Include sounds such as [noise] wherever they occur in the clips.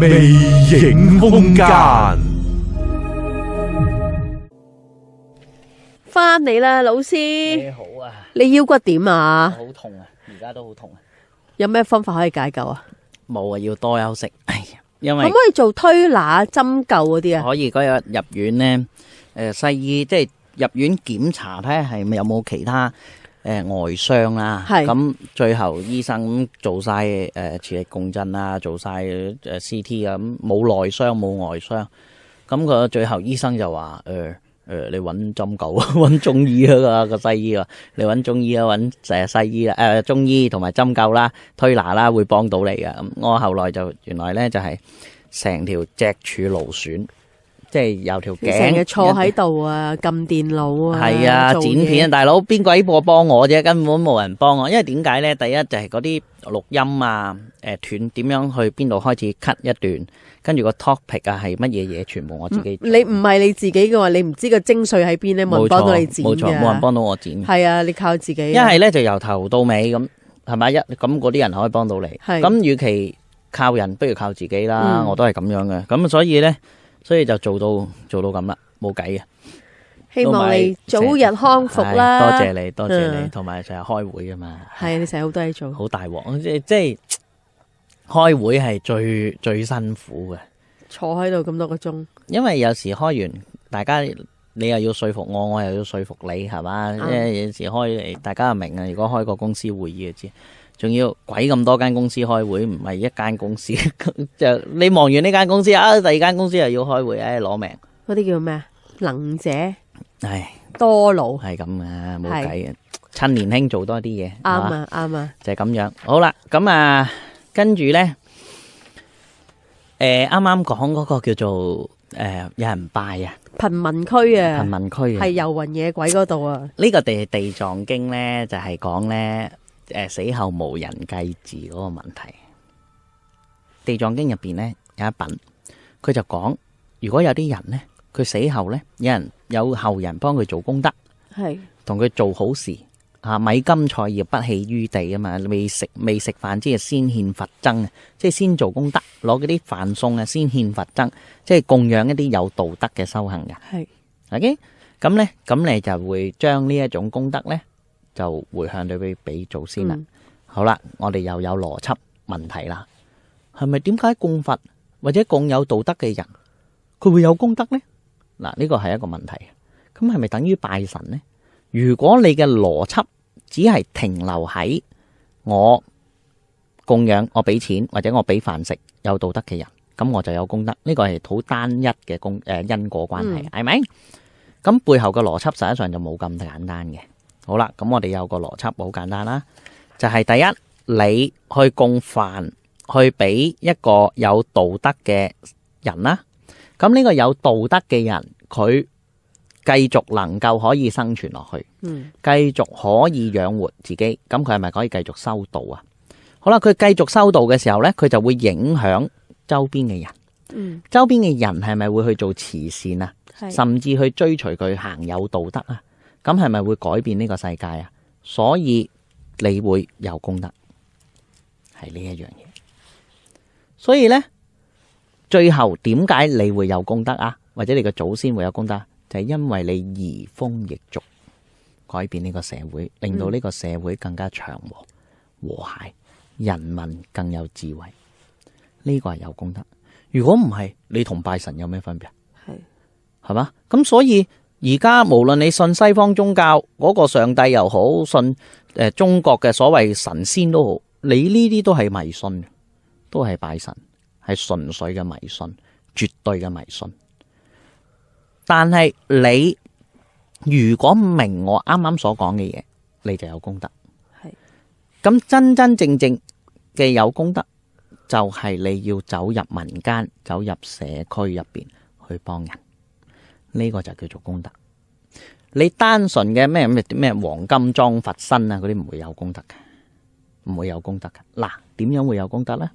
微影空間，翻嚟啦，老師。你好啊，你腰骨點啊？好痛啊，而家都好痛啊。有咩方法可以解救啊？冇啊，要多休息。哎呀，因為可唔可以做推拿針灸嗰啲啊？可以嗰日入院咧，誒，西醫即係入院檢查，睇下係咪有冇其他。誒、呃，外傷啦，咁最後醫生咁做晒誒、呃，磁力共振啦，做晒誒、呃、CT 啊，咁冇內傷冇外傷，咁個最後醫生就話誒誒，你揾針灸，揾中醫啊個西醫啊，你揾中醫啊揾成日西醫啦，誒、呃、中醫同埋針灸啦、推拿啦會幫到你噶，咁我後來就原來咧就係成條脊柱勞損。即係有條頸，佢成日坐喺度啊，撳電腦啊，係啊，剪片啊，大佬邊鬼個幫我啫？根本冇人幫我，因為點解咧？第一就係嗰啲錄音啊，誒斷點樣去邊度開始 cut 一段，跟住個 topic 啊係乜嘢嘢，全部我自己。你唔係你自己嘅話，你唔知個精髓喺邊咧，冇人幫到你剪嘅。冇錯，冇人幫到我剪。係啊，你靠自己。一係咧就由頭到尾咁，係咪一咁嗰啲人可以幫到你？咁與其靠人，不如靠自己啦。我都係咁樣嘅。咁所以咧。所以就做到做到咁啦，冇計啊。希望你早日康復啦，哎。多謝你，多謝你，同埋成日開會噶嘛。係啊，你成日好多嘢做。好大鑊。即係即係開會係最最辛苦嘅，坐喺度咁多個鐘。因為有時開完，大家你又要說服我，我又要說服你，係嘛，嗯？有時開大家又明啊。如果開個公司會議就知。仲要鬼咁多間公司開會，唔係一間公司就你望完呢間公司啊，第二間公司又要開會，唉，攞命。嗰啲叫做咩啊？能者唉多勞係咁啊，冇計嘅，趁年輕做多啲嘢。啱啊，啱啊，就係咁樣。好啦，咁啊，跟住咧，誒，啱啱講嗰個叫做誒，有人拜啊，貧民區啊，貧民區係遊魂野鬼嗰度啊，呢個地《地藏經》咧就係講咧。誒，死後無人祭祀嗰個問題，《地藏經》入邊咧有一品，佢就講，如果有啲人咧，佢死後咧，有人有後人幫佢做功德，係同佢做好事，啊，米金菜葉不棄於地啊嘛，未食未食飯之先獻佛僧啊，即係先做功德，攞嗰啲飯餸啊，先獻佛僧，即係供養一啲有道德嘅修行人，係，OK，咁咧，咁你就會將呢一種功德咧，就回向你俾祖先啦。好啦，我哋又有邏輯問題啦。係咪點解供佛或者供有道德嘅人，佢會有功德呢？嗱，呢個係一個問題。咁係咪等於拜神呢？如果你嘅邏輯只係停留喺我供養我俾錢或者我俾飯食有道德嘅人，咁我就有功德。呢個係好單一嘅功誒因果關係，係咪？咁背後嘅邏輯實際上就冇咁簡單嘅。好啦，咁我哋有個邏輯好簡單啦，就係第一，你去供飯去俾一個有道德嘅人啦，咁呢個有道德嘅人，佢繼續能夠可以生存落去，嗯，繼續可以養活自己，咁佢係咪可以繼續修道啊？好啦，佢繼續修道嘅時候呢，佢就會影響周邊嘅人，嗯，周邊嘅人係咪會去做慈善啊？甚至去追隨佢行有道德啊？咁係咪會改變呢個世界啊？所以你會有功德，係呢一樣嘢。所以呢，最後點解你會有功德啊？或者你個祖先會有功德，就係、是、因為你移風易俗，改變呢個社會，令到呢個社會更加祥和、嗯、和諧，人民更有智慧。呢、呢個係有功德。如果唔係，你同拜神有咩分別啊？係係嘛？咁所以。而家無論你信西方宗教嗰、個上帝又好，信誒中國嘅所謂神仙都好，你呢啲都係迷信，都係拜神，係純粹嘅迷信，絕對嘅迷信。但係你如果明我啱啱所講嘅嘢，你就有功德。係咁真真正正嘅有功德，就係、係、你要走入民間，走入社區入邊去幫人。呢個就叫做功德。你單純嘅咩咩黃金裝佛身啊，嗰啲唔會有功德嘅，唔會有功德嘅。嗱，點樣會有功德咧？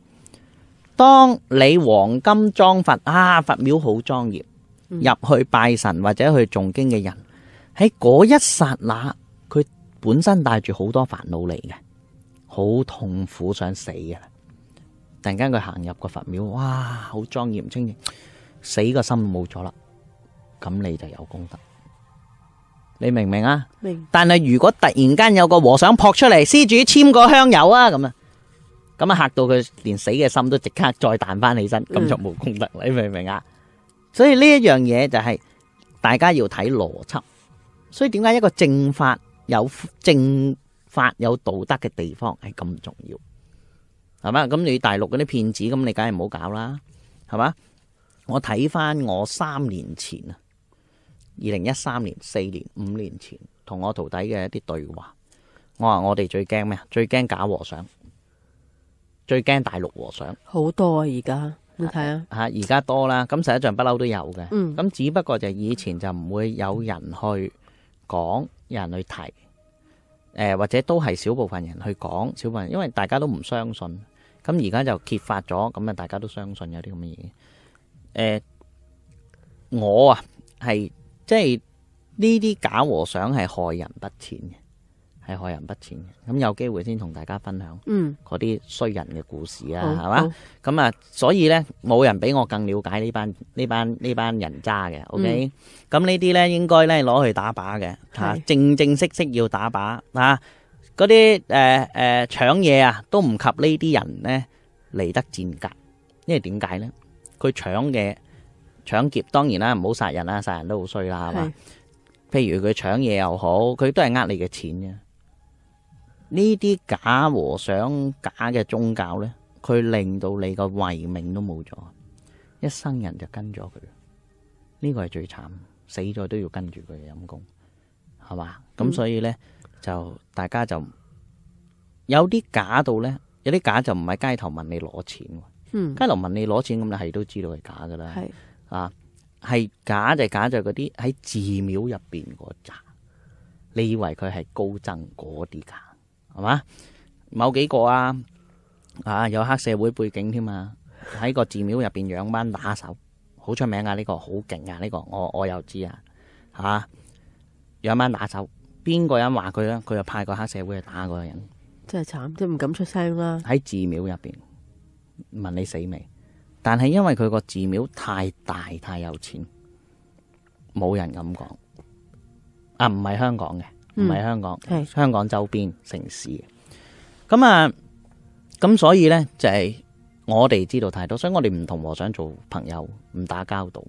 當你黃金裝佛啊，佛廟好莊嚴，入去拜神或者去誦經嘅人，喺嗰一剎那，佢本身帶住好多煩惱嚟嘅，好痛苦想死嘅啦。突然間佢行入個佛廟，哇，好莊嚴清淨，死個心冇咗啦。咁你就有功德，你明唔明啊？明。但係如果突然間有個和尚撲出嚟，施主簽個香油啊，咁啊，咁啊吓到佢連死嘅心都即刻再彈翻起身，咁就冇功德，嗯、你明唔明啊？所以呢一樣嘢就係大家要睇邏輯，所以點解一個正法有正法有道德嘅地方係咁重要，係嘛？咁你大陸嗰啲騙子，咁你梗係唔好搞啦，係嘛？我睇翻我三年前啊。二零一三年、四年、五年前，同我徒弟嘅一啲對話，我話我哋最驚咩？最驚假和尚，最驚大陸和尚。好多啊！而家你睇啊嚇，而家多啦。咁實際上不嬲都有嘅。嗯，咁只不過就以前就唔會有人去講，有人去提。誒，或者都係少部分人去講，少部分人，因為大家都唔相信。咁而家就揭發咗，咁啊，大家都相信有啲咁嘅嘢。誒，我啊係。即係呢啲假和尚係害人不淺嘅，係害人不淺嘅。咁有機會先同大家分享，嗯，嗰啲衰人嘅故事啊，係、嗯、嘛？咁啊、嗯，所以呢，冇人比我更了解呢班呢班呢班人渣嘅，OK？咁、嗯、呢啲呢應該呢攞去打靶嘅，吓、啊、正正式式要打靶啊！嗰啲誒誒搶嘢啊，都唔及呢啲人呢嚟得賤格，因為點解呢？佢搶嘅。搶劫當然啦，唔好殺人啦，殺人都好衰啦，係嘛？譬如佢搶嘢，又好，佢都係呃你嘅錢嘅。呢啲假和尚、假嘅宗教咧，佢令到你個慧命都冇咗，一生人就跟咗佢，呢、這個係最慘，死咗都要跟住佢，陰功，係嘛？咁所以咧、嗯、就大家就有啲假到咧，有啲假就唔喺街頭問你攞錢，嗯，街頭問你攞錢咁，你係都知道係假噶啦，係。啊，係假就假就嗰啲喺寺廟入邊嗰扎，你以為佢係高僧嗰啲噶，係嘛？某幾個啊，啊有黑社會背景添啊。喺個寺廟入邊養班打手，好出名啊。呢個，好勁啊。呢個，我我又知啊，係嘛？養班打手，邊個人話佢咧，佢就派個黑社會去打嗰個人，真係慘，都唔敢出聲啦，啊。喺寺廟入邊問你死未？但係因為佢個寺廟太大太有錢，冇人咁講。啊，唔係香港嘅，唔係香港，係、嗯、香港周邊城市嘅。咁啊，咁所以咧就係、是、我哋知道太多，所以我哋唔同和尚做朋友，唔打交道。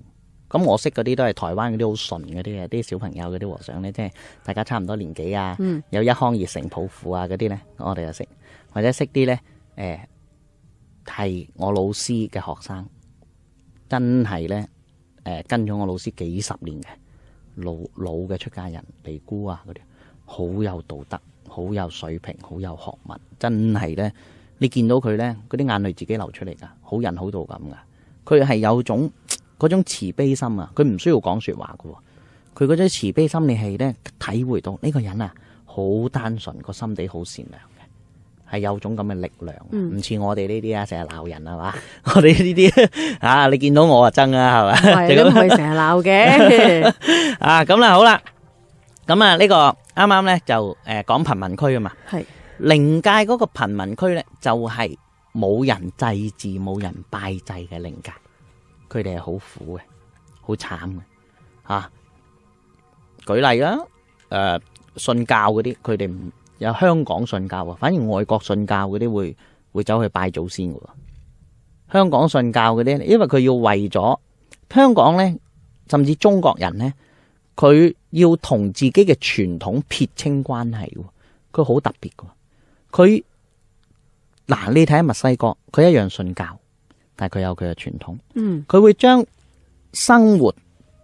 咁我識嗰啲都係台灣嗰啲好純嗰啲嘅，啲小朋友嗰啲和尚咧，即係大家差唔多年紀啊，有一腔熱誠抱負啊嗰啲咧，我哋又識，或者識啲咧，誒、欸。係我老師嘅學生，真係呢，誒跟咗我老師幾十年嘅老老嘅出家人、尼姑啊嗰啲，好有道德，好有水平，好有學問，真係呢，你見到佢呢，嗰啲眼淚自己流出嚟噶，好仁好道咁噶。佢係有種嗰種慈悲心啊，佢唔需要講說話噶，佢嗰種慈悲心你係呢，體會到呢個人啊，好單純個心地，好善良。係有種咁嘅力量，唔似我哋呢啲啊，成日鬧人係嘛？我哋呢啲啊，你見到我啊憎啊係嘛？係咁，唔係成日鬧嘅啊。咁啦，好啦，咁啊呢個啱啱咧就誒講貧民區啊嘛，係靈界嗰個貧民區咧就係冇人祭祀、冇人拜祭嘅靈界，佢哋係好苦嘅，好慘嘅啊！舉例啊，誒，信教嗰啲，佢哋唔。有香港信教啊，反而外國信教嗰啲會會走去拜祖先噶。香港信教嗰啲，因為佢要為咗香港咧，甚至中國人咧，佢要同自己嘅傳統撇清關係，佢好特別噶。佢嗱，你睇下墨西哥，佢一樣信教，但係佢有佢嘅傳統。嗯，佢會將生活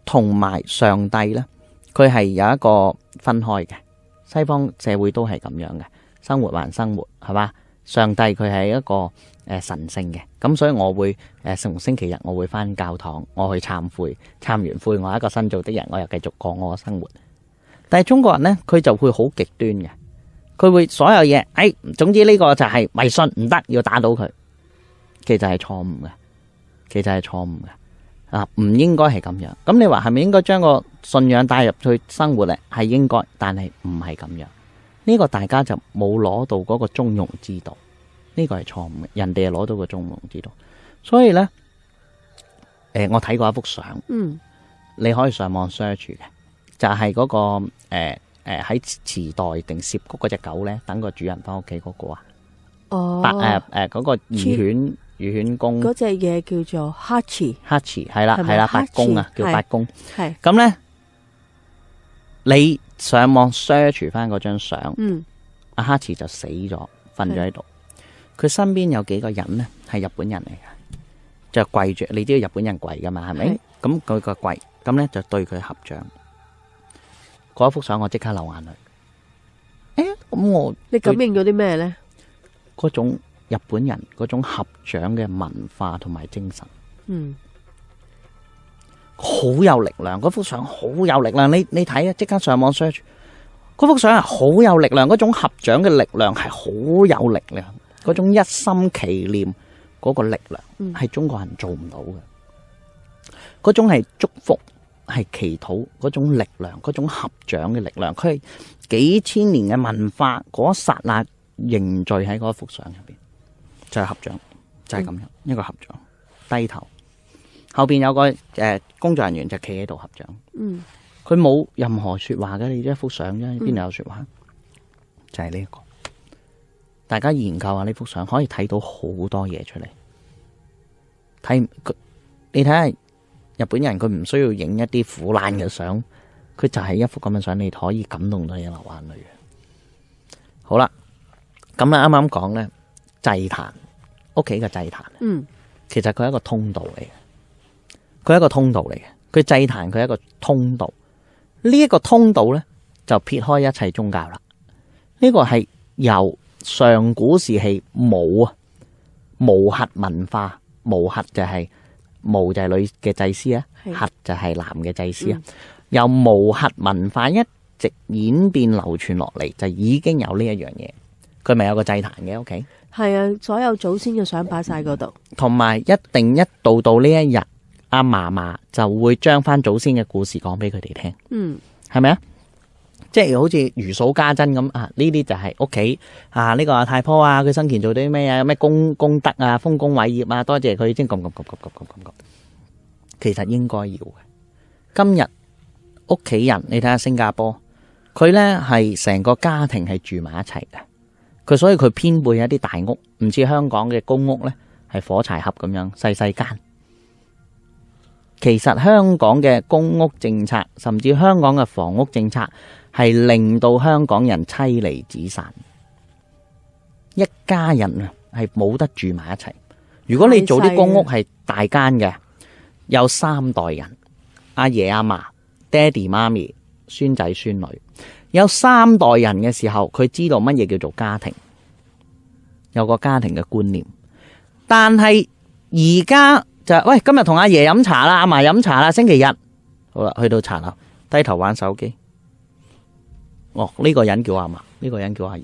同埋上帝咧，佢係有一個分開嘅。西方社會都係咁樣嘅，生活還生活係嘛？上帝佢係一個誒、呃、神聖嘅。咁，所以我會誒逢、呃、星期日我會返教堂，我去懺悔，懺完悔我，我係一個新造的人，我又繼續過我嘅生活。但係中國人呢，佢就會好極端嘅，佢會所有嘢誒、哎，總之呢個就係迷信唔得，要打倒佢，其實係錯誤嘅，其實係錯誤嘅。啊，唔應該係咁樣。咁你話係咪應該將個信仰帶入去生活咧？係應該，但係唔係咁樣。呢、這個大家就冇攞到嗰個中庸之道，呢、這個係錯誤嘅。人哋係攞到個中庸之道，所以咧，誒，我睇過一幅相，嗯，你可以上網 search 嘅，就係、是、嗰、那個誒誒喺池袋定涉谷嗰隻狗咧，等個主人翻屋企嗰個啊，哦，白誒誒嗰個二犬。羽犬公嗰隻嘢叫做哈奇，哈奇，係啦係啦，八公啊，Hachi? 叫八公。係咁咧，你上網 search 翻嗰張相，嗯，阿哈奇就死咗，瞓咗喺度。佢身邊有幾個人咧，係日本人嚟嘅，就跪着。你知道日本人跪噶嘛？係咪？咁佢個跪咁咧就對佢合掌。嗰一幅相我即刻流眼淚。誒、欸，咁我你感應咗啲咩咧？嗰種。日本人嗰種合掌嘅文化同埋精神，嗯，好有力量。嗰幅相好有力量。你你睇啊，即刻上網 search 嗰幅相係好有力量。嗰種合掌嘅力量係好有力量。嗰種一心祈念嗰個力量係中國人做唔到嘅。嗰、嗯、種係祝福，係祈禱嗰種力量，嗰種合掌嘅力量，佢係幾千年嘅文化嗰、那個、剎那凝聚喺嗰幅相入邊。就係、是、合掌，就係、是、咁樣、嗯、一個合掌，低頭後邊有個誒、呃、工作人員就企喺度合掌，嗯，佢冇任何說話嘅，你一幅相啫，邊度有說話？嗯、就係呢一個，大家研究下呢幅相，可以睇到好多嘢出嚟。睇佢，你睇下日本人，佢唔需要影一啲苦難嘅相，佢就係一幅咁嘅相，你可以感動到你流眼淚嘅。好啦，咁咧啱啱講咧祭壇。屋企嘅祭壇，嗯，其實佢係一個通道嚟嘅，佢係一個通道嚟嘅，佢祭壇佢係一個通道。呢一個通道咧、這個，就撇開一切宗教啦。呢、這個係由上古時期冇啊，巫覡文化，巫覡就係巫就係女嘅祭司啊，覡就係男嘅祭司啊，由巫覡文化一直演變流傳落嚟，就已經有呢一樣嘢，佢咪有個祭壇嘅屋企。Okay？係啊，所有祖先嘅相擺晒嗰度，同埋一定一到到呢一日，阿嫲嫲就會將翻祖先嘅故事講俾佢哋聽。嗯，係咪啊？即係好似如數家珍咁啊！呢啲就係屋企啊，呢個阿太婆啊，佢生前做啲咩啊？咩功功德啊，豐功偉業啊，多謝佢已經咁咁咁咁咁咁咁。其實應該要嘅。今日屋企人，你睇下新加坡，佢咧係成個家庭係住埋一齊嘅。佢所以佢編配一啲大屋，唔似香港嘅公屋呢，係火柴盒咁樣細細間。其實香港嘅公屋政策，甚至香港嘅房屋政策，係令到香港人妻離子散，一家人啊係冇得住埋一齊。如果你做啲公屋係大間嘅，有三代人，阿爺阿嫲、爹哋媽咪、孫仔孫女。有三代人嘅時候，佢知道乜嘢叫做家庭，有個家庭嘅觀念。但係而家就喂，今日同阿爺飲茶啦，阿嫲飲茶啦，星期日好啦，去到茶樓低頭玩手機。哦，呢個人叫阿嫲，呢個人叫阿爺。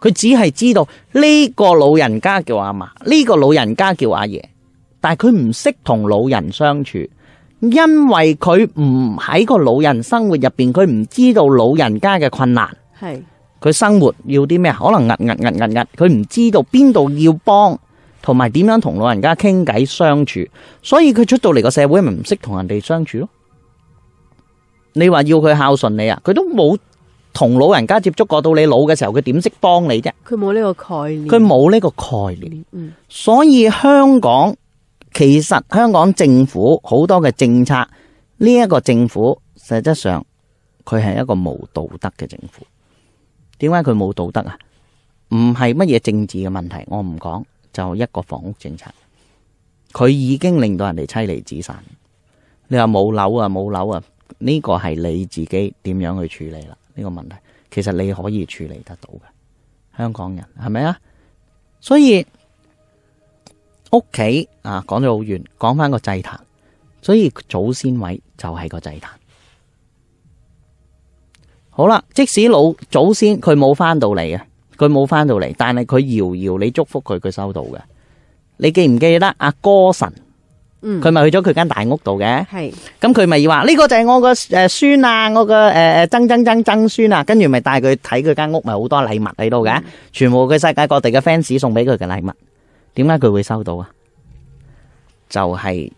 佢只係知道呢個老人家叫阿嫲，呢個老人家叫阿爺，但係佢唔識同老人相處。因為佢唔喺個老人生活入邊，佢唔知道老人家嘅困難，係佢生活要啲咩，可能壓壓壓壓壓，佢唔知道邊度要幫，同埋點樣同老人家傾偈相處，所以佢出到嚟個社會咪唔識同人哋相處咯。你話要佢孝順你啊，佢都冇同老人家接觸過，到你老嘅時候，佢點識幫你啫？佢冇呢個概念，佢冇呢個概念，嗯，所以香港。其實香港政府好多嘅政策，呢一個政府實質上佢係一個無道德嘅政府。點解佢冇道德啊？唔係乜嘢政治嘅問題，我唔講。就一個房屋政策，佢已經令到人哋妻離子散。你話冇樓啊，冇樓啊，呢個係你自己點樣去處理啦？呢個問題其實你可以處理得到嘅，香港人係咪啊？所以。屋企啊，講咗好遠，講翻個祭壇，所以祖先位就係個祭壇。好啦，即使老祖先佢冇翻到嚟嘅，佢冇翻到嚟，但係佢遙遙你祝福佢，佢收到嘅。你記唔記得阿歌神？嗯，佢咪去咗佢間大屋度嘅。係，咁佢咪話呢個就係我個誒孫啊，我個誒誒曾曾曾曾孫啊，跟住咪帶佢睇佢間屋，咪好多禮物喺度嘅，全部佢世界各地嘅 fans 送俾佢嘅禮物。點解佢會收到啊？就係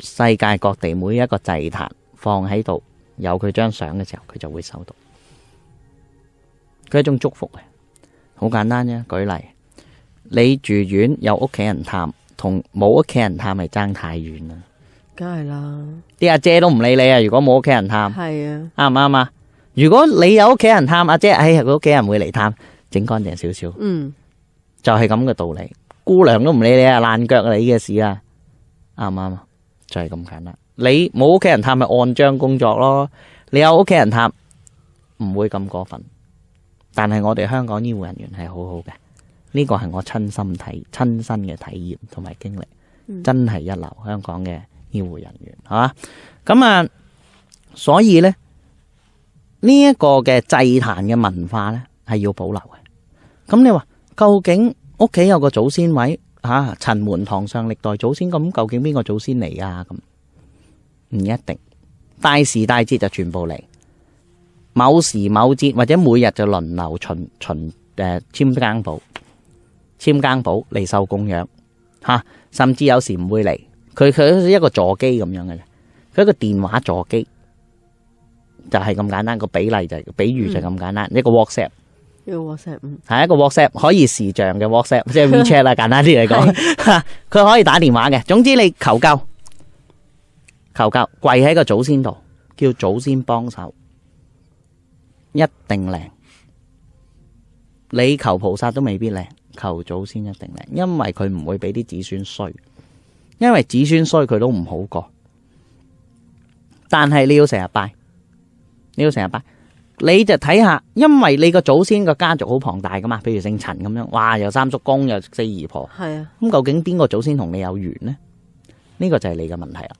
世界各地每一個祭壇放喺度，有佢張相嘅時候，佢就會收到。佢一種祝福嘅，好簡單啫。舉例，你住院有屋企人探，同冇屋企人探係爭太遠啦，梗係啦。啲阿姐都唔理你啊！如果冇屋企人探，係啊，啱唔啱啊？如果你有屋企人探，阿姐，哎，佢屋企人會嚟探，整乾淨少少。嗯，就係咁嘅道理。姑娘都唔理你啊，爛腳你嘅事啊，啱唔啱啊？就係、是、咁簡單。你冇屋企人探咪按章工作咯。你有屋企人探唔會咁過分。但係我哋香港醫護人員係好好嘅，呢、這個係我親身體親身嘅體驗同埋經歷，嗯、真係一流。香港嘅醫護人員係嘛？咁啊，所以呢，呢、這、一個嘅祭壇嘅文化呢，係要保留嘅。咁你話究竟？屋企有個祖先位，吓、啊、陳門堂上歷代祖先，咁究竟邊個祖先嚟啊？咁唔一定，大時大節就全部嚟，某時某節或者每日就輪流巡巡誒簽更簿，簽更簿嚟受供養，吓、啊、甚至有時唔會嚟，佢佢一個座機咁樣嘅啫，佢一個電話座機就係、是、咁簡單，個比例就是、比如就咁簡單、嗯，一個 WhatsApp。叫 WhatsApp，嗯，係一個 WhatsApp 可以視像嘅 WhatsApp，即係 WeChat 啦，簡單啲嚟講，佢可以打電話嘅。總之你求救，求救，跪喺個祖先度，叫祖先幫手，一定靈。你求菩薩都未必靈，求祖先一定靈，因為佢唔會俾啲子孫衰，因為子孫衰佢都唔好過。但係你要成日拜，你要成日拜。你就睇下，因為你個祖先個家族好龐大噶嘛，譬如姓陳咁樣，哇，有三叔公，有四姨婆，係啊。咁究竟邊個祖先同你有緣呢？呢個就係你嘅問題啦。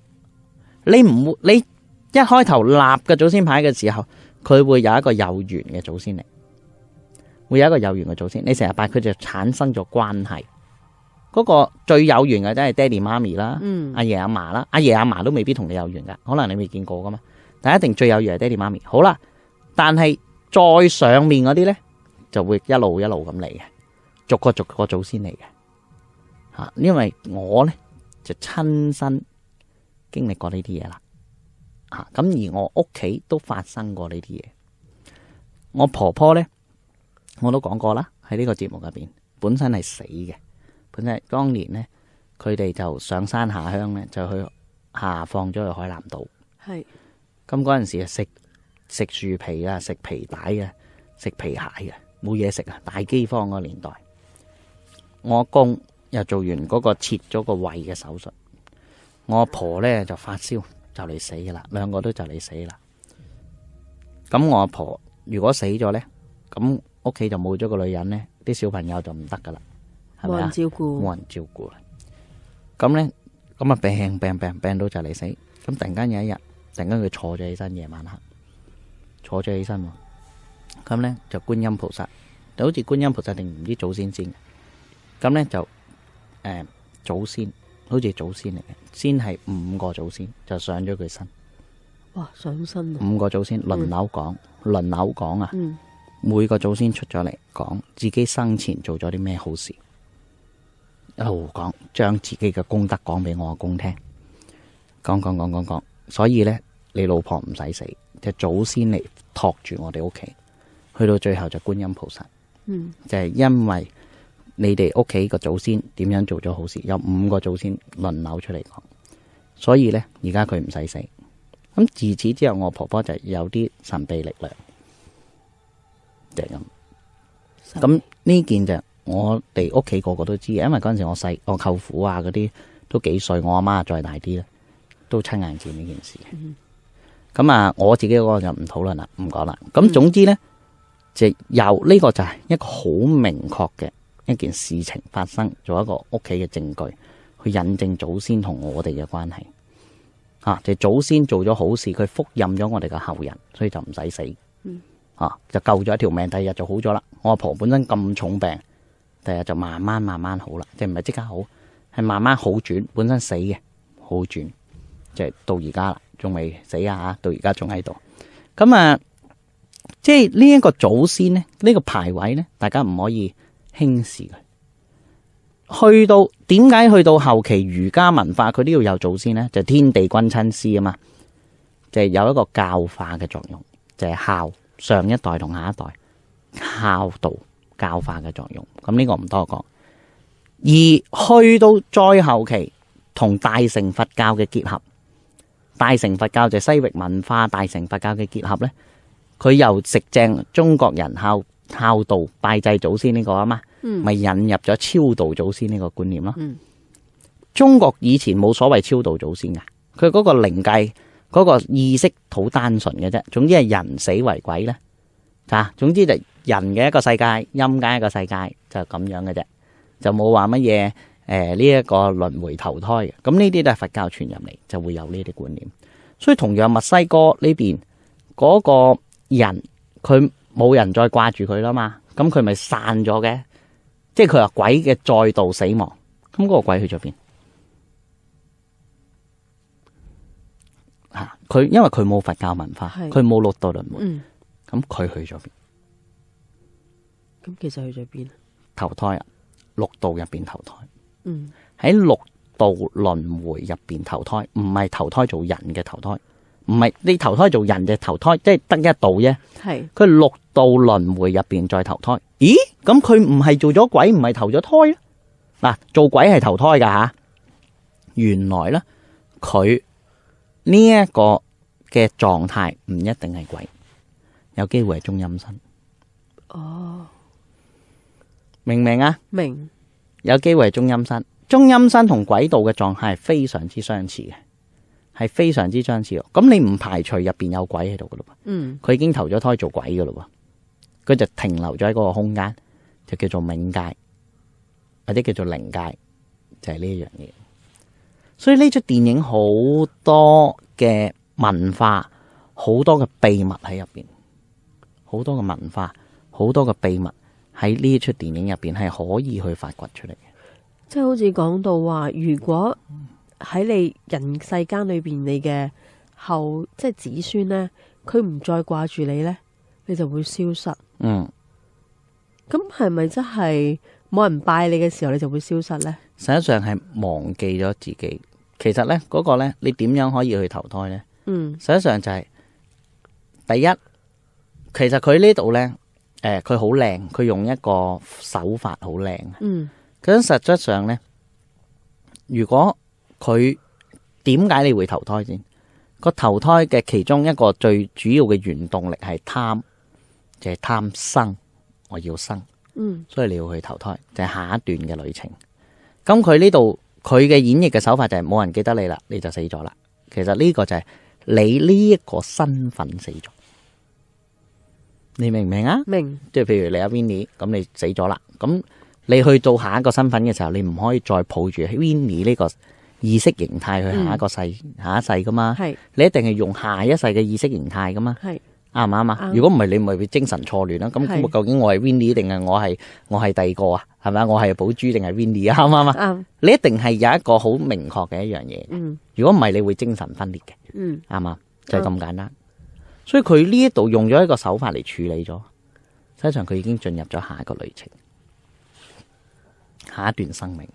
你唔會你一開頭立嘅祖先牌嘅時候，佢會有一個有緣嘅祖先嚟，會有一個有緣嘅祖先。你成日拜佢就產生咗關係。嗰個最有緣嘅都係爹哋媽咪啦，阿爺阿嫲啦，阿爺阿嫲都未必同你有緣噶，可能你未見過噶嘛。但係一定最有緣係爹哋媽咪。好啦。但係再上面嗰啲咧，就會一路一路咁嚟嘅，逐個逐個祖先嚟嘅，吓，因為我咧就親身經歷過呢啲嘢啦，吓、啊，咁而我屋企都發生過呢啲嘢，我婆婆咧，我都講過啦，喺呢個節目入邊，本身係死嘅。本身當年咧，佢哋就上山下鄉咧，就去下放咗去海南島，係，咁嗰陣時啊食。食樹皮啊，食皮帶啊，食皮鞋啊，冇嘢食啊。大饑荒個年代，我阿公又做完嗰個切咗個胃嘅手術，我阿婆咧就發燒就嚟死噶啦，兩個都就嚟死啦。咁我阿婆如果死咗咧，咁屋企就冇咗個女人咧，啲小朋友就唔得噶啦，係咪啊？冇人照顧，冇人照顧啊。咁咧，咁啊病病病病到就嚟死。咁突然間有一日，突然間佢坐咗起身，夜晚黑。坐咗起身喎，咁咧就觀音菩薩，就好似觀音菩薩定唔知祖先先，咁咧就誒，祖先，好似祖先嚟嘅，先係五個祖先就上咗佢身，哇上身啊！五個祖先輪流講，輪流講啊，每個祖先出咗嚟講自己生前做咗啲咩好事，一路講將自己嘅功德講俾我阿公聽，講講講講講，所以咧你老婆唔使死，就祖先嚟。托住我哋屋企，去到最後就觀音菩薩，嗯，就係、是、因為你哋屋企個祖先點樣做咗好事，有五個祖先輪流出嚟講，所以咧而家佢唔使死。咁自此之後，我婆婆就有啲神秘力量，就咁、是。咁、嗯、呢件就我哋屋企個個都知，因為嗰陣時我細，我舅父啊嗰啲都幾歲，我阿媽再大啲咧，都親眼見呢件事。嗯咁啊，我自己嗰個就唔討論啦，唔講啦。咁總之咧，就由呢個就係一個好明確嘅一件事情發生，做一個屋企嘅證據，去引證祖先同我哋嘅關係。吓、啊，就是、祖先做咗好事，佢福蔭咗我哋嘅後人，所以就唔使死。吓、啊，就救咗一條命，第二日就好咗啦。我阿婆本身咁重病，第二日就慢慢慢慢好啦，即係唔係即刻好，係慢慢好轉。本身死嘅好轉，即係到而家啦。仲未死啊！到而家仲喺度。咁啊，即係呢一個祖先咧，這個、牌呢個排位咧，大家唔可以輕視佢，去到點解去到後期儒家文化，佢都要有祖先咧，就係、天地君親師啊嘛。就係、是、有一個教化嘅作用，就係、是、孝上一代同下一代孝道教化嘅作用。咁、這、呢個唔多講。而去到再後期，同大乘佛教嘅結合。大乘佛教就是、西域文化大乘佛教嘅結合咧，佢又食正中國人孝、孝道拜祭祖先呢、呢個啊嘛，咪、嗯、引入咗超度祖先呢個觀念咯、嗯。中國以前冇所謂超度祖先嘅，佢嗰個靈界嗰、嗰個意識好單純嘅啫。總之係人死為鬼啦，啊，總之就人嘅一個世界，陰間一個世界就咁樣嘅啫，就冇話乜嘢。誒，呢一個輪回投胎嘅，咁呢啲都係佛教傳入嚟就會有呢啲觀念，所以同樣墨西哥呢邊嗰個人，佢冇人再掛住佢啦嘛，咁佢咪散咗嘅，即係佢話鬼嘅再度死亡，咁個鬼去咗邊？吓，佢因為佢冇佛教文化，佢冇六道輪回，咁、嗯、佢去咗邊？咁其實去咗邊？投胎啊，六道入邊投胎。嗯，喺六道輪迴入邊投胎，唔係投胎做人嘅投胎，唔係你投胎做人嘅投胎，即係得一道啫。係佢六道輪迴入邊再投胎。咦？咁佢唔係做咗鬼，唔係投咗胎咧？嗱，做鬼係投胎噶吓。原來咧，佢呢一個嘅狀態唔一定係鬼，有機會係中陰身。哦，明唔明啊？明。有機會係中陰身，中陰身同鬼道嘅狀態係非常之相似嘅，係非常之相似喎。咁你唔排除入邊有鬼喺度噶咯？嗯，佢已經投咗胎做鬼噶咯，佢就停留咗喺嗰個空間，就叫做冥界或者叫做靈界，就係呢一樣嘢。所以呢，出電影好多嘅文化，好多嘅秘密喺入邊，好多嘅文化，好多嘅秘密。喺呢一出電影入邊，係可以去發掘出嚟嘅。即係好似講到話，如果喺你人世間裏邊，你嘅後即係子孫呢，佢唔再掛住你呢，你就會消失。嗯，咁係咪真係冇人拜你嘅時候，你就會消失呢？實際上係忘記咗自己。其實呢，嗰個呢，你點樣可以去投胎呢？嗯，實際上就係第一，其實佢呢度呢。誒，佢好靚，佢用一個手法好靚。咁實質上咧，如果佢點解你會投胎先？個投胎嘅其中一個最主要嘅原動力係貪，就係貪生，我要生。嗯，所以你要去投胎，就係下一段嘅旅程。咁佢呢度佢嘅演繹嘅手法就係冇人記得你啦，你就死咗啦。其實呢個就係你呢一個身份死咗。你明唔明啊？明，即係譬如你阿 Winnie，咁你死咗啦，咁你去做下一個身份嘅時候，你唔可以再抱住 Winnie 呢個意識形態去下一個世、嗯、下一世噶嘛？係，你一定係用下一世嘅意識形態噶嘛？係，啱唔啱啊？如果唔係，你咪會精神錯亂啦。咁咁，究竟我係 Winnie 定係我係我係第二個啊？係咪我係寶珠定係 Winnie 啊？啱唔啱啊？你一定係有一個好明確嘅一樣嘢、嗯。如果唔係，你會精神分裂嘅。嗯，啱嘛，就係、是、咁簡單。嗯所以佢呢一度用咗一個手法嚟處理咗，實際上佢已經進入咗下一個旅程，下一段生命。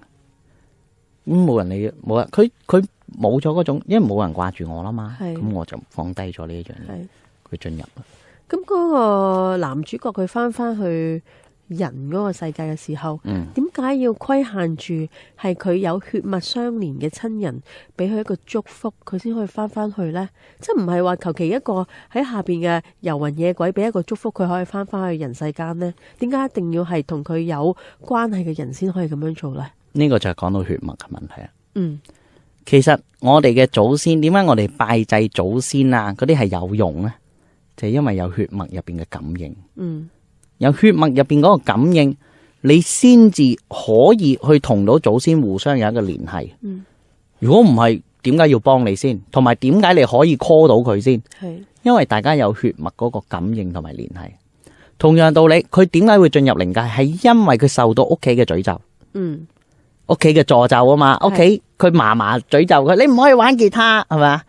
咁冇人理，冇啊！佢佢冇咗嗰種，因為冇人掛住我啦嘛，咁我就放低咗呢一樣嘢，佢進入啦。咁嗰個男主角佢翻翻去。人嗰個世界嘅時候，嗯，點解要規限住係佢有血脈相連嘅親人俾佢一個祝福，佢先可以翻翻去呢？即係唔係話求其一個喺下邊嘅遊魂野鬼俾一個祝福，佢可以翻翻去人世間呢？點解一定要係同佢有關係嘅人先可以咁樣做呢？呢個就係講到血脈嘅問題啊。嗯，其實我哋嘅祖先點解我哋拜祭祖先啊？嗰啲係有用呢？就係因為有血脈入邊嘅感應。嗯。有血脈入邊嗰個感應，你先至可以去同到祖先互相有一個聯繫。嗯，如果唔係，點解要幫你先？同埋點解你可以 call 到佢先？係，因為大家有血脈嗰個感應同埋聯繫。同樣道理，佢點解會進入靈界？係因為佢受到屋企嘅詛咒。嗯，屋企嘅詛咒啊嘛，屋企佢嫲嫲詛咒佢，你唔可以玩吉他，係咪啊？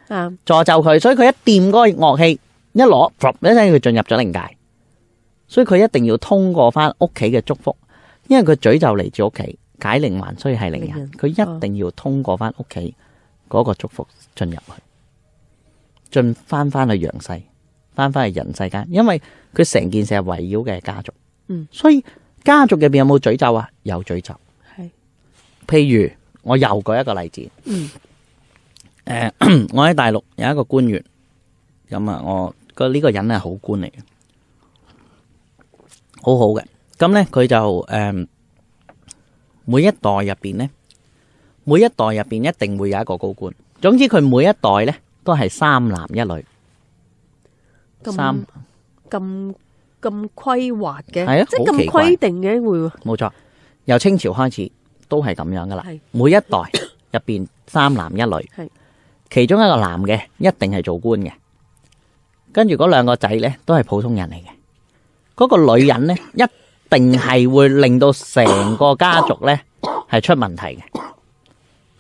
詛咒佢，所以佢一掂嗰個樂器，一攞，一聲佢進入咗靈界。所以佢一定要通過翻屋企嘅祝福，因為佢詛咒嚟自屋企，解鈴還須係鈴人。佢一定要通過翻屋企嗰個祝福進入去，進翻翻去陽世，翻翻去人世間。因為佢成件事係圍繞嘅家族。嗯，所以家族入邊有冇詛咒啊？有詛咒。係，譬如我又舉一個例子。嗯，誒、呃，我喺大陸有一個官員，咁啊，我個呢個人係好官嚟嘅。好好嘅，咁咧佢就誒，每一代入邊咧，每一代入邊一定會有一個高官。總之佢每一代咧都係三男一女，三咁咁規劃嘅，即係咁規定嘅會。冇錯，由清朝開始都係咁樣噶啦。係每一代入邊三男一女，係其中一個男嘅一定係做官嘅，跟住嗰兩個仔咧都係普通人嚟嘅。嗰個女人呢，一定係會令到成個家族呢係出問題嘅。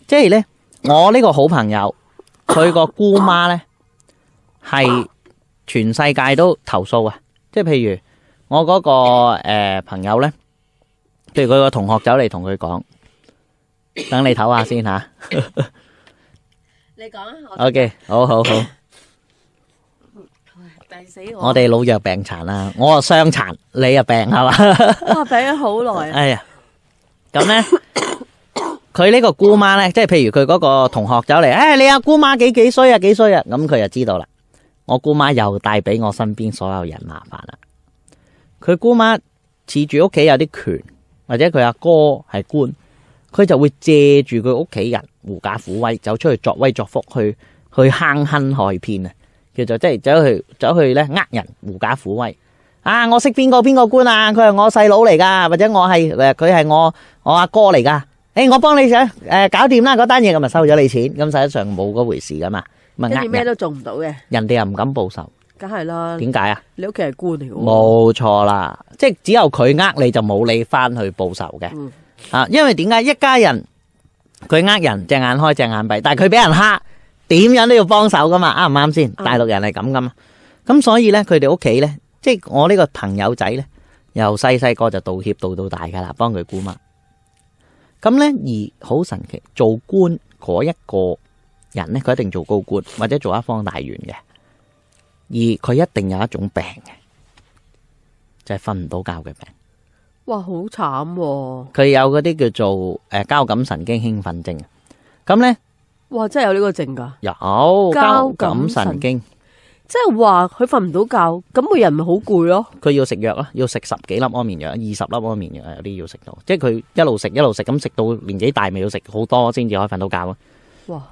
即係呢，我呢個好朋友，佢個姑媽呢係全世界都投訴啊！即係譬如我嗰個誒、朋友呢，譬如佢個同學走嚟同佢講，等你唞下先吓。你講啊好。OK，好好好。我哋老弱病殘啦，我啊傷殘，你啊病係嘛？病咗好耐啊。哎呀，咁咧，佢 [coughs] 呢個姑媽咧，即係譬如佢嗰個同學走嚟，誒、哎，你阿姑媽幾幾衰啊？幾衰啊？咁佢就知道啦。我姑媽又帶俾我身邊所有人麻煩啦。佢姑媽恃住屋企有啲權，或者佢阿哥係官，佢就會借住佢屋企人狐假虎威，走出去作威作福去，去去坑坑害騙啊！就即係走去走去咧，呃人狐假虎威啊！我識邊個邊個官啊？佢係我細佬嚟噶，或者我係誒佢係我我阿哥嚟噶。誒，我幫你想誒搞掂啦，嗰單嘢咁咪收咗你錢。咁實際上冇嗰回事噶嘛，咪呃人咩都做唔到嘅。人哋又唔敢報仇，梗係啦。點解啊？你屋企係官嚟嘅，冇錯啦。即係只有佢呃你就冇你翻去報仇嘅啊！因為點解一家人佢呃人，隻眼開隻眼閉，但係佢俾人蝦。點樣都要幫手噶嘛，啱唔啱先？大陸人係咁噶嘛，咁所以咧，佢哋屋企咧，即係我呢個朋友仔咧，由細細個就道歉道到大噶啦，幫佢姑媽。咁咧，而好神奇，做官嗰一個人咧，佢一定做高官或者做一方大員嘅，而佢一定有一種病嘅，就係瞓唔到覺嘅病。哇，好慘喎！佢有嗰啲叫做誒交感神經興奮症，咁咧。哇！真係有呢個症噶，有交感神經，即係話佢瞓唔到覺，咁個人咪好攰咯。佢要食藥啦，要食十幾粒安眠藥，二十粒安眠藥，有啲要食到，即係佢一路食一路食，咁食到年紀大，咪要食好多先至可以瞓到覺咯。哇！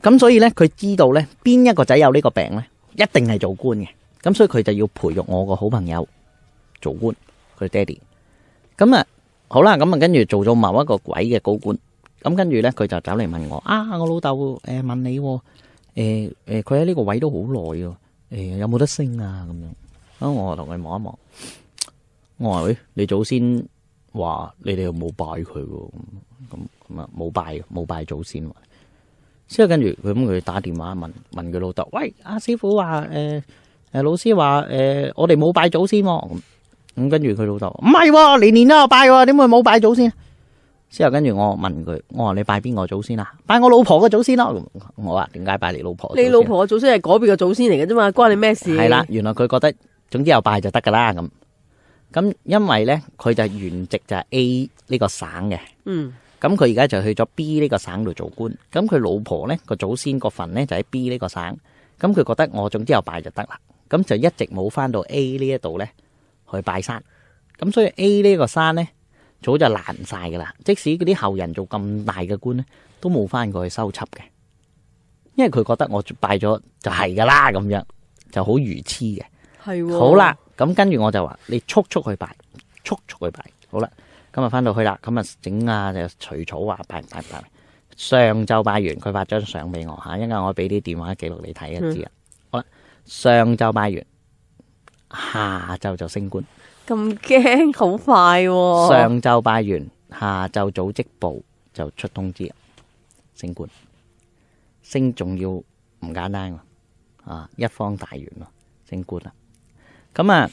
咁所以咧，佢知道咧，邊一個仔有呢個病咧，一定係做官嘅，咁所以佢就要培育我個好朋友做官，佢爹哋。咁啊，好啦，咁啊，跟住做咗某一個鬼嘅高官。咁跟住咧，佢就走嚟問我啊，我老豆誒問你，誒誒，佢喺呢個位都好耐嘅，誒有冇得升啊？咁樣，咁我同佢望一望，我話喂，你祖先話你哋又冇拜佢，咁咁咁啊冇拜嘅，冇拜祖先。之後跟住佢咁，佢打電話問問佢老豆，喂阿師傅話，誒誒老師話，誒我哋冇拜祖先喎，咁咁跟住佢老豆唔係，年年都有拜，點會冇拜祖先？之後跟住我問佢，我話你拜邊個祖先呀？拜我老婆嘅祖先咯。我話點解拜你老婆？你老婆嘅祖先係嗰邊嘅祖先嚟嘅啫嘛，關你咩事？係啦，原來佢覺得，總之有拜就得噶啦咁。咁因為咧，佢就係原籍就係 A 呢個省嘅。嗯。咁佢而家就去咗 B 呢個省度做官。咁佢老婆咧個祖先個墳咧就喺 B 呢個省。咁佢覺得我總之有拜就得啦。咁就一直冇翻到 A 呢一度咧去拜山。咁所以 A 呢個山咧。早就爛晒噶啦，即使嗰啲後人做咁大嘅官咧，都冇翻過去收葺嘅，因為佢覺得我拜咗就係噶啦咁樣，就好愚痴嘅。係、哦，好啦，咁跟住我就話你速速去拜，速速去拜。好啦，咁啊翻到去啦，咁啊整下就除草啊，拜唔拜，唔拜？拜。 [laughs] 上晝拜完，佢發張相俾我吓，因為我俾啲電話記錄你睇一知啦、嗯。好啦，上晝拜完，下晝就升官。咁驚，好快喎！上晝拜完，下晝組織部就出通知啦，升官，升仲要唔簡單噶，啊，一方大員咯，升官啦。咁啊，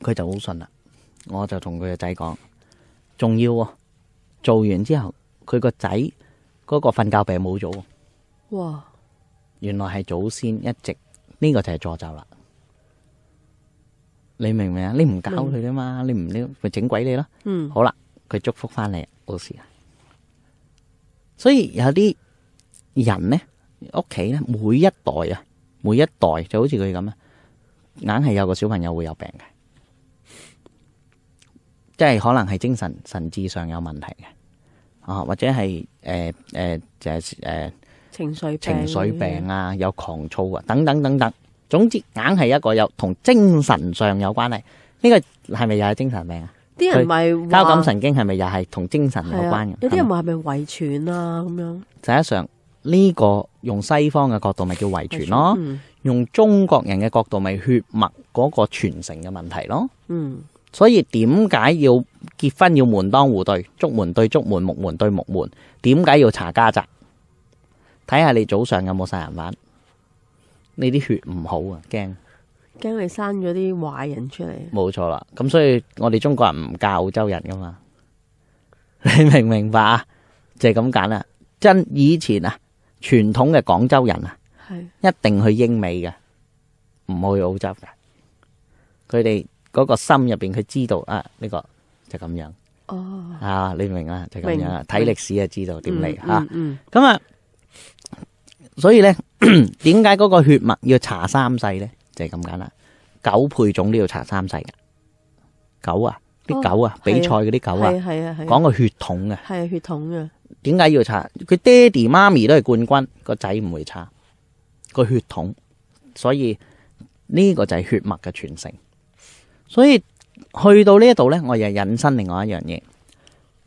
佢就好信啦，我就同佢個仔講，仲要啊，做完之後，佢個仔嗰個瞓覺病冇咗。哇！原來係祖先一直呢個就係助咒啦。你明唔明啊？你唔搞佢吖嘛，你唔撩，佢整鬼你咯。好啦，佢祝福翻你，冇事啊。所以有啲人咧，屋企咧，每一代啊，每一代就好似佢咁啊，硬係有個小朋友會有病嘅，即係可能係精神神智上有問題嘅，啊，或者係誒誒誒誒情緒情緒病啊，有狂躁啊，等等等等。總之，硬係一個有同精神上有關係，呢、這個係咪又係精神病啊？啲人咪交感神經係咪又係同精神有關係、啊啊？有啲人話係咪遺傳啊？咁樣實際上呢、這個用西方嘅角度咪叫遺傳咯遺傳、嗯，用中國人嘅角度咪血脈嗰個傳承嘅問題咯。嗯，所以點解要結婚要門當戶對，竹門對竹門，木門對木門？點解要查家宅？睇下你祖上有冇殺人犯。呢啲血唔好啊，驚驚佢生咗啲壞人出嚟。冇錯啦，咁所以我哋中國人唔教澳洲人噶嘛，你明唔明白啊？就係咁揀啦，真以前啊，傳統嘅廣州人啊，係一定去英美嘅，唔去澳洲嘅。佢哋嗰個心入邊佢知道啊，呢個就咁樣。哦，啊，你明啊？就咁樣睇歷史啊，知道點嚟吓。嗯嗯，咁啊。所以咧，點解嗰個血脈要查三世咧？就係、係、咁簡單。狗配種都要查三世噶。狗啊，啲狗啊，哦、比賽嗰啲狗啊，講個血統嘅。係血統啊。點解要查？佢爹哋媽咪都係冠軍，個仔唔會查個血統。所以呢個就係血脈嘅傳承。所以去到呢一度咧，我又引申另外一樣嘢。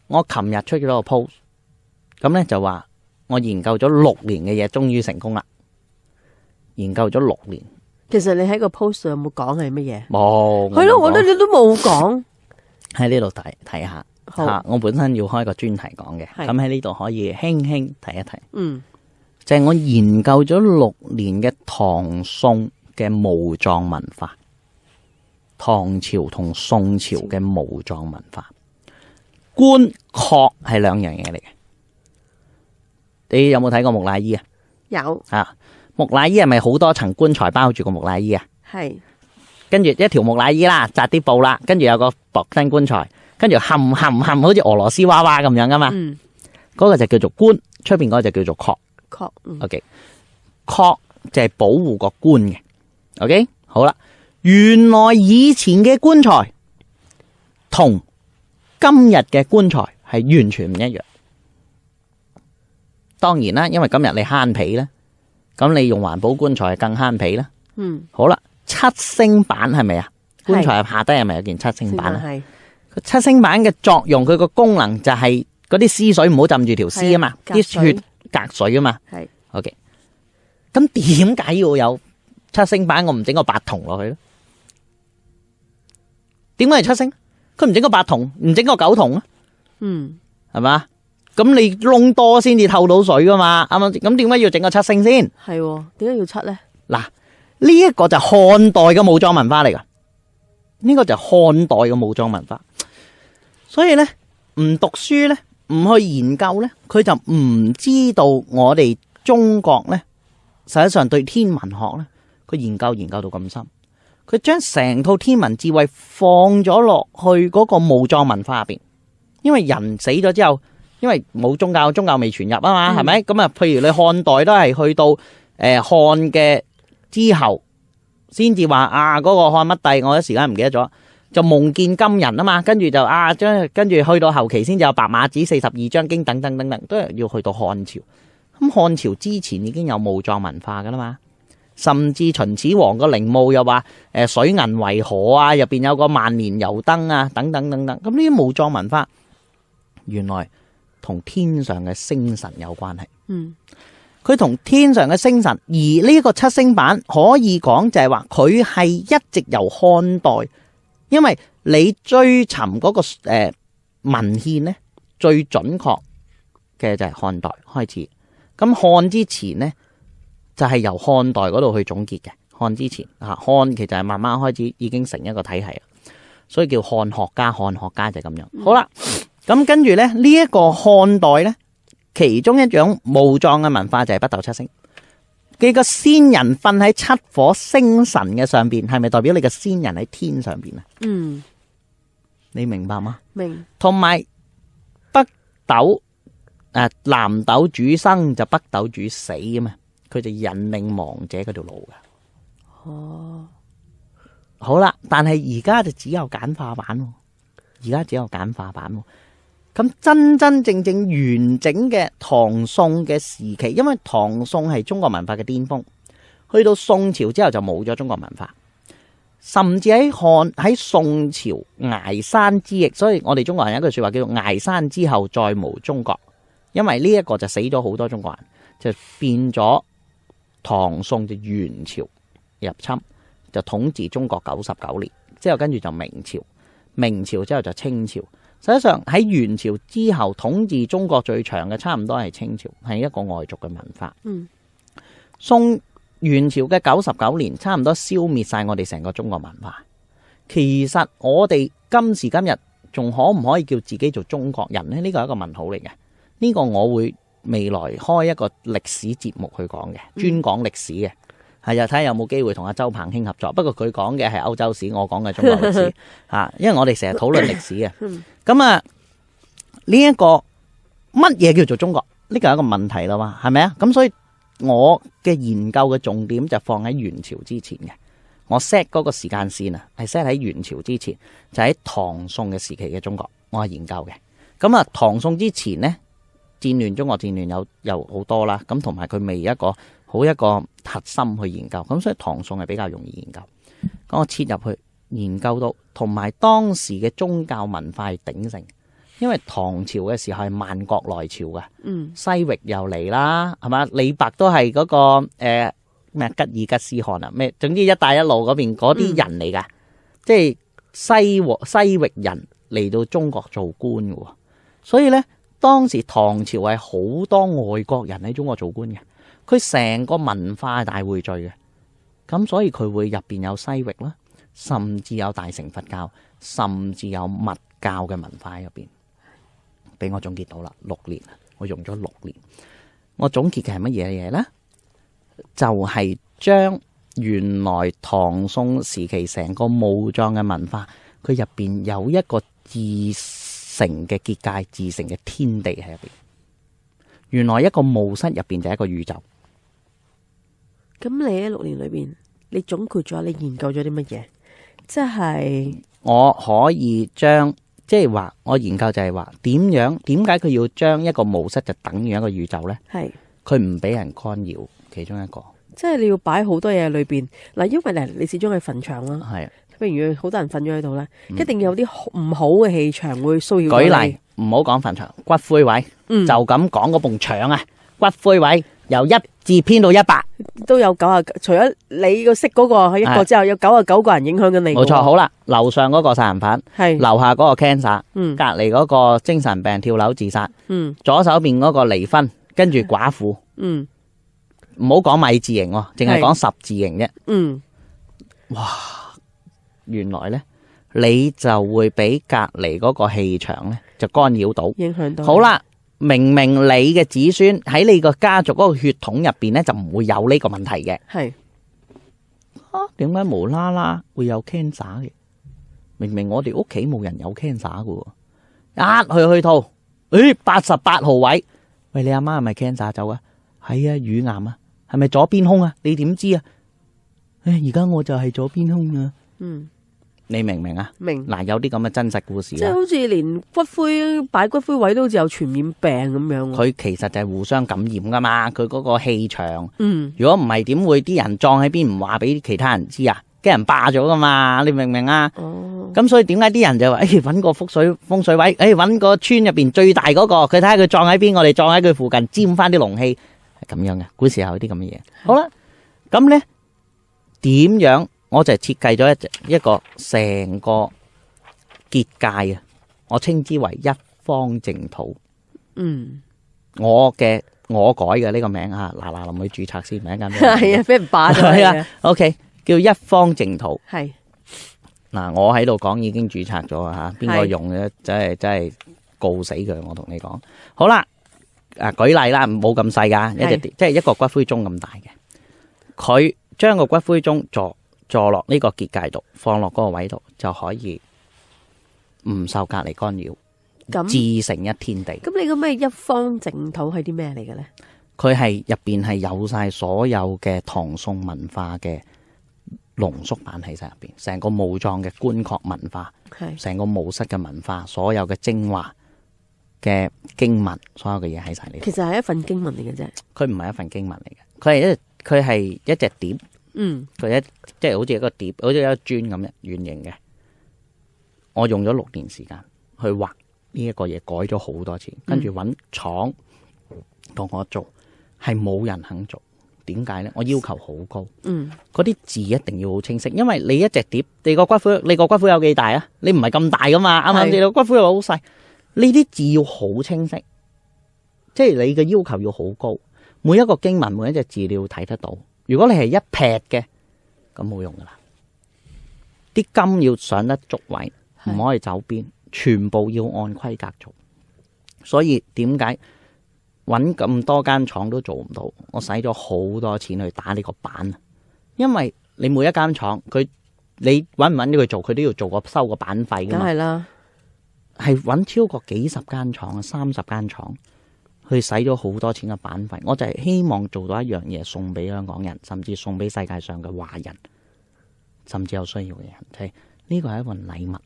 我琴日出咗個 post，咁咧就話。我研究咗六年嘅嘢，終於成功啦！研究咗六年，其實你喺個 post 上有冇講係乜嘢？冇，係咯，我覺得你都冇講。喺呢度睇睇下吓，我本身要開個專題講嘅，咁喺呢度可以輕輕睇一睇，就是。嗯，就係我研究咗六年嘅唐宋嘅墓葬文化，唐朝同宋朝嘅墓葬文化，官確係兩樣嘢嚟嘅。你有冇睇過木乃伊啊？有啊，木乃伊係咪好多層棺材包住個木乃伊啊？係，跟住一條木乃伊啦，紮啲布啦，跟住有個薄身棺材，跟住冚冚冚，好似俄羅斯娃娃咁樣噶嘛。嗯，嗰個就叫做棺，出邊嗰就叫做槨。槨，OK，槨就係保護個棺嘅。OK，好啦，原來以前嘅棺材同今日嘅棺材係完全唔一樣。當然啦，因為今日你慳皮啦，咁你用環保棺材更慳皮啦。嗯，好啦，七星板係咪啊？棺材下低係咪有件七星板啊？係。個七星板嘅作用，佢個功能就係嗰啲屍水唔好浸住條屍啊嘛，啲血隔水啊嘛。係。Ok。咁點解要有七星板？我唔整個八筒落去咯。點解係七星？佢唔整個八筒，唔整個九筒啊？嗯，係嘛？咁你窿多先至透到水噶嘛？啱啱？咁點解要整個七星先？係點解要七咧？嗱，呢一個就漢代嘅武裝文化嚟噶，呢個就漢代嘅武裝文化。所以咧，唔讀書咧，唔去研究咧，佢就唔知道我哋中國咧，實際上對天文學咧，佢研究研究到咁深，佢將成套天文智慧放咗落去嗰個武裝文化入邊，因為人死咗之後。因為冇宗教，宗教未傳入啊嘛，係咪咁啊？譬如你漢代都係去到誒漢嘅之後，先至話啊嗰個漢乜帝，我一時間唔記得咗，就夢見金人啊嘛，跟住就啊將跟住去到後期先至有白馬子四十二章經等等等等，都係要去到漢朝。咁漢朝之前已經有墓葬文化噶啦嘛，甚至秦始皇個陵墓又話誒水銀為河啊，入邊有個萬年油燈啊，等等等等。咁呢啲墓葬文化原來，同天上嘅星辰有關係，嗯，佢同天上嘅星辰，而呢個七星板可以講就係話佢係一直由漢代，因為你追尋嗰個誒文獻咧最準確嘅就係漢代開始，咁漢之前咧就係由漢代嗰度去總結嘅，漢之前啊漢其實係慢慢開始已經成一個體系，所以叫漢學家，漢學家就係咁樣，好啦。咁跟住咧，呢、這、一個漢代咧，其中一種墓葬嘅文化就係北斗七星。幾個先人瞓喺七火星神嘅上邊，係咪代表你個先人喺天上邊啊？嗯，你明白嗎？明。同埋北斗誒、呃，南斗主生，就北斗主死啊嘛。佢就引領亡者嗰條路噶。哦。好啦，但係而家就只有簡化版喎。而家只有簡化版喎。咁真真正正完整嘅唐宋嘅時期，因為唐宋係中國文化嘅巔峰，去到宋朝之後就冇咗中國文化，甚至喺漢喺宋朝崖山之役，所以我哋中國人有一句說話叫做崖山之後再無中國，因為呢一個就死咗好多中國人，就變咗唐宋就元朝入侵，就統治中國九十九年，之後跟住就明朝，明朝之後就清朝。實際上喺元朝之後統治中國最長嘅差唔多係清朝，係一個外族嘅文化。嗯，宋元朝嘅九十九年，差唔多消滅晒我哋成個中國文化。其實我哋今時今日仲可唔可以叫自己做中國人呢？呢個係一個問號嚟嘅。呢個我會未來開一個歷史節目去講嘅，專講歷史嘅。係啊，睇下有冇機會同阿周鵬興合作，不過佢講嘅係歐洲史，我講嘅中國歷史吓， [laughs] 因為我哋成日討論歷史啊，咁啊呢一個乜嘢叫做中國？呢、這個係一個問題啦嘛，係咪啊？咁所以我嘅研究嘅重點就放喺元朝之前嘅，我 set 嗰個時間線啊，係 set 喺元朝之前，就喺、是、唐宋嘅時期嘅中國，我係研究嘅。咁啊，唐宋之前呢，戰亂中國戰亂有有好多啦，咁同埋佢未一個。好一個核心去研究咁，所以唐宋係比較容易研究。咁我切入去研究到同埋當時嘅宗教文化係鼎盛，因為唐朝嘅時候係萬國來朝嘅，嗯，西域又嚟啦，係嘛？李白都係嗰、那個誒咩、呃、吉爾吉斯汗啊，咩，總之一帶一路嗰邊嗰啲人嚟噶、嗯，即係西、西域人嚟到中國做官嘅，所以咧當時唐朝係好多外國人喺中國做官嘅。佢成個文化大匯聚嘅，咁所以佢會入邊有西域啦，甚至有大乘佛教，甚至有密教嘅文化喺入邊。俾我總結到啦，六年我用咗六年，我總結嘅係乜嘢嘢呢？就係、是、將原來唐宋時期成個墓葬嘅文化，佢入邊有一個自成嘅結界、自成嘅天地喺入邊。原來一個墓室入邊就係一個宇宙。咁你喺六年裏邊，你總括咗你研究咗啲乜嘢？即係我可以將即係話我研究就係話點樣點解佢要將一個模式就等於一個宇宙咧？係佢唔俾人干擾其中一個，即係你要擺好多嘢喺裏邊嗱，因為咧你始終係墳場啦，係，譬如好多人瞓咗喺度咧，一定要有啲唔好嘅氣場會騷擾你。舉例唔好講墳場骨灰位，嗯、就咁講嗰埲牆啊，骨灰位由一至編到一百。都有九啊，除咗你個識嗰個一個之後，有九啊九個人影響緊你。冇錯，好啦，樓上嗰個殺人犯，係樓下嗰個 cancer，嗯，隔籬嗰個精神病跳樓自殺，嗯，左手邊嗰個離婚，跟住寡婦，嗯，唔好講米字型，淨係講十字型啫，嗯，哇，原來咧，你就會俾隔籬嗰個氣場咧就干擾到，影響到。好啦。明明你嘅子孫喺你個家族嗰個血統入邊咧，就唔會有呢個問題嘅。係啊，點解無啦啦會有 cancer 嘅？明明我哋屋企冇人有 cancer 噶，一、啊、去去到，誒八十八號位，喂，你阿媽係咪 cancer 走啊？係啊，乳癌啊，係咪左邊胸啊？你點知啊？唉，而家我就係左邊胸啊。嗯。你明唔明啊？明嗱，有啲咁嘅真實故事，即係好似連骨灰擺骨灰位都好似有傳染病咁樣。佢其實就係互相感染噶嘛，佢嗰個氣場。嗯，如果唔係點會啲人撞喺邊唔話俾其他人知啊？畀人霸咗噶嘛，你明唔明啊？哦，咁所以點解啲人就話，誒、哎，搵個風水風水位，誒、哎，搵個村入邊最大嗰、那個，佢睇下佢撞喺邊，我哋撞喺佢附近，嗯、沾翻啲龍氣，係咁樣嘅，古時候有啲咁嘅嘢。好啦，咁咧點樣？我就係設計咗一隻一個成個結界啊，我稱之為一方淨土。嗯，我嘅我改嘅呢個名吓，嗱嗱臨去注冊先，唔係一間。係啊，俾人霸咗。係啊，OK，叫一方淨土。係。嗱，我喺度講已經注冊咗啊吓，邊個用嘅真係真係告死佢，我同你講。好啦，啊，舉例啦，唔好咁細噶，一隻即係一個骨灰盅咁大嘅，佢將個骨灰盅坐。坐落呢個結界度，放落嗰個位度就可以唔受隔離干擾，自成一天地。咁你個咩一方淨土係啲咩嚟嘅咧？佢係入邊係有晒所有嘅唐宋文化嘅濃縮版喺晒入邊，成個墓葬嘅棺槨文化，成個墓室嘅文化，所有嘅精華嘅經文，所有嘅嘢喺晒呢。其實係一份經文嚟嘅啫，佢唔係一份經文嚟嘅，佢係一佢係一隻碟。嗯，或者即係好似一個碟，好似一個磚咁嘅圓形嘅。我用咗六年時間去畫呢一個嘢，改咗好多次，廠跟住揾廠同我做，係冇人肯做。點解咧？我要求好高，嗯，嗰啲字一定要好清晰。因為你一隻碟，你個骨灰，你個骨灰有幾大啊？你唔係咁大噶嘛，啱啱？你個骨灰又好細，呢啲字要好清晰，即係你嘅要求要好高，每一個經文，每一隻字你要睇得到。如果你係一劈嘅，咁冇用噶啦。啲金要上得足位，唔可以走邊，全部要按規格做。所以點解揾咁多間廠都做唔到？我使咗好多錢去打呢個板，因為你每一間廠佢，你揾唔揾到佢做，佢都要做個收個版費噶。梗係啦，係揾超過幾十間廠，三十間廠。去使咗好多錢嘅版費，我就係希望做到一樣嘢，送俾香港人，甚至送俾世界上嘅華人，甚至有需要嘅人。即係呢個係一份禮物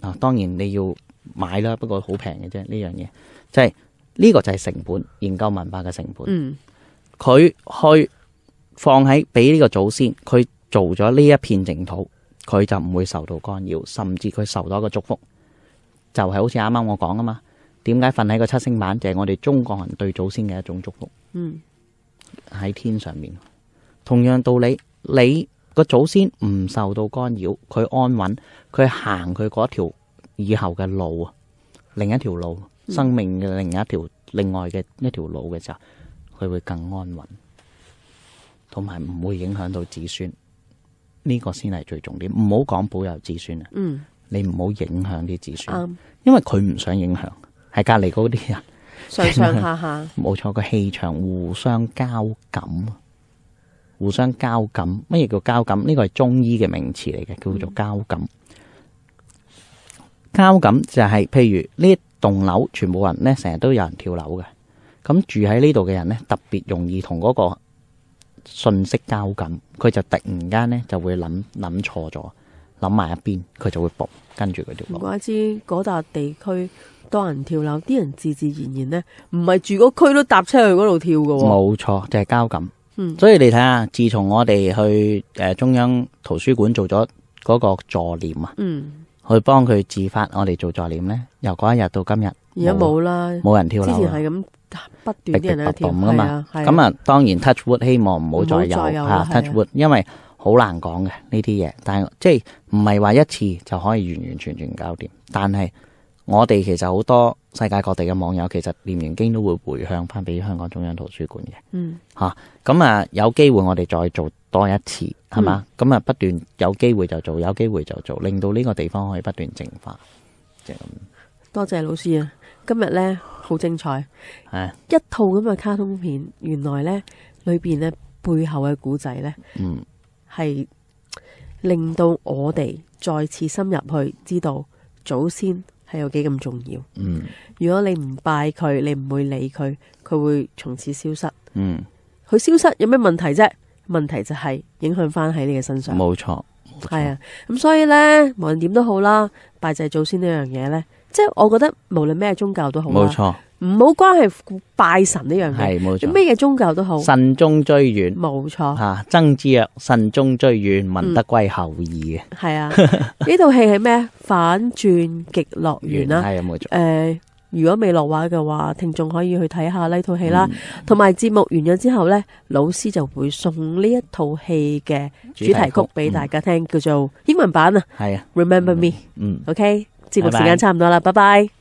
啊！當然你要買啦，不過好平嘅啫。呢樣嘢即係呢個就係成本，研究文化嘅成本。嗯，佢去放喺俾呢個祖先，佢做咗呢一片淨土，佢就唔會受到干擾，甚至佢受到一個祝福，就係好似啱啱我講㗎嘛。點解瞓喺個七星板，就係、是、我哋中國人對祖先嘅一種祝福。嗯，喺天上面，同樣道理，你個祖先唔受到干擾，佢安穩，佢行佢嗰條以後嘅路啊，另一條路，生命嘅另一條、嗯、另外嘅一條路嘅時候，佢會更安穩，同埋唔會影響到子孫呢、這個先係最重點。唔好講保佑子孫啊，嗯，你唔好影響啲子孫，嗯、因為佢唔想影響。係隔籬嗰啲人上上下下，冇錯，個氣場互相交感，互相交感。乜嘢叫交感？呢個係中醫嘅名詞嚟嘅，叫做交感、嗯。交感就係、是、譬如呢一棟樓，全部人咧成日都有人跳樓嘅。咁住喺呢度嘅人咧，特別容易同嗰個信息交感，佢就突然間咧就會諗諗錯咗，諗埋一邊，佢就會仆跟住佢條路。唔怪知，嗰笪地區多人跳樓，啲人自自然然咧，唔係住嗰區都搭車去嗰度跳噶、啊。冇錯，就係、是、交感。嗯，所以你睇下，自從我哋去誒中央圖書館做咗嗰個助念啊，嗯，去幫佢自發我哋做助念咧，由嗰一日到今日，而家冇啦，冇人跳樓。之前係咁、啊、不斷啲人跳嘅嘛。咁啊，啊當然 Touch Wood 希望唔好再有吓、啊啊、Touch Wood，因為好難講嘅呢啲嘢，但係即係唔係話一次就可以完完全全搞掂，但係。我哋其實好多世界各地嘅網友，其實念完經都會回向翻俾香港中央圖書館嘅。嗯。嚇、啊，咁啊有機會我哋再做多一次，係、嗯、嘛？咁啊不斷有機會就做，有機會就做，令到呢個地方可以不斷淨化。就咁、係。多謝老師啊！今日呢，好精彩。係。一套咁嘅卡通片，原來呢，裏邊呢，背後嘅故仔呢，嗯，係令到我哋再次深入去知道祖先。係有幾咁重要？嗯，如果你唔拜佢，你唔會理佢，佢會從此消失。嗯，佢消失有咩問題啫？問題就係影響翻喺你嘅身上。冇錯，係啊。咁所以呢，無論點都好啦，拜祭祖先呢樣嘢呢，即係我覺得無論咩宗教都好啦。冇錯。唔好關係拜神呢樣嘢，做咩嘢宗教都好，慎終追遠，冇錯吓。曾子曰：慎終追遠，民德歸后矣。嘅、嗯、係啊，呢套戲係咩？反轉極樂園啦、啊，係冇、啊、錯。誒、呃，如果未落畫嘅話，聽眾可以去睇下呢套戲啦。同、嗯、埋節目完咗之後呢，老師就會送呢一套戲嘅主題曲俾大家聽、嗯，叫做英文版啊。係啊，Remember me、嗯。嗯，OK。節目時間差唔多啦，拜拜。拜拜。